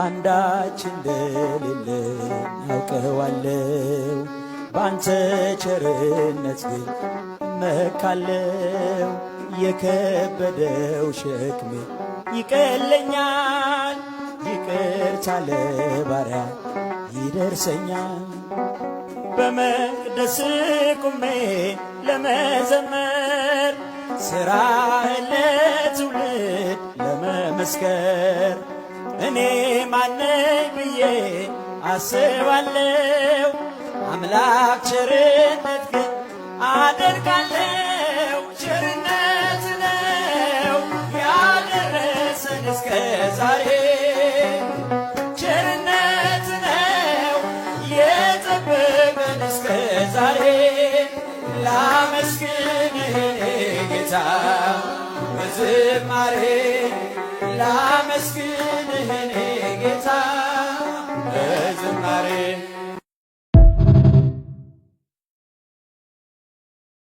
አንዳች እንደሌለ አውቀዋለሁ። በአንተ ቸርነት ግን እመካለሁ። የከበደው ሸክሜ ይቀለኛል። ይቅርታ ለባሪያ ይደርሰኛል። በመቅደስ ቁሜ ለመዘመር ሥራህን ለትውልድ ለመመስከር እኔ ማነኝ ብዬ አስባለው። አምላክ ቸርነት ግን አደርጋለው። ቸርነት ነው ያደረሰን እስከ ዛሬ ቸርነት ነው ጌታ በዝማሬ ላመስግን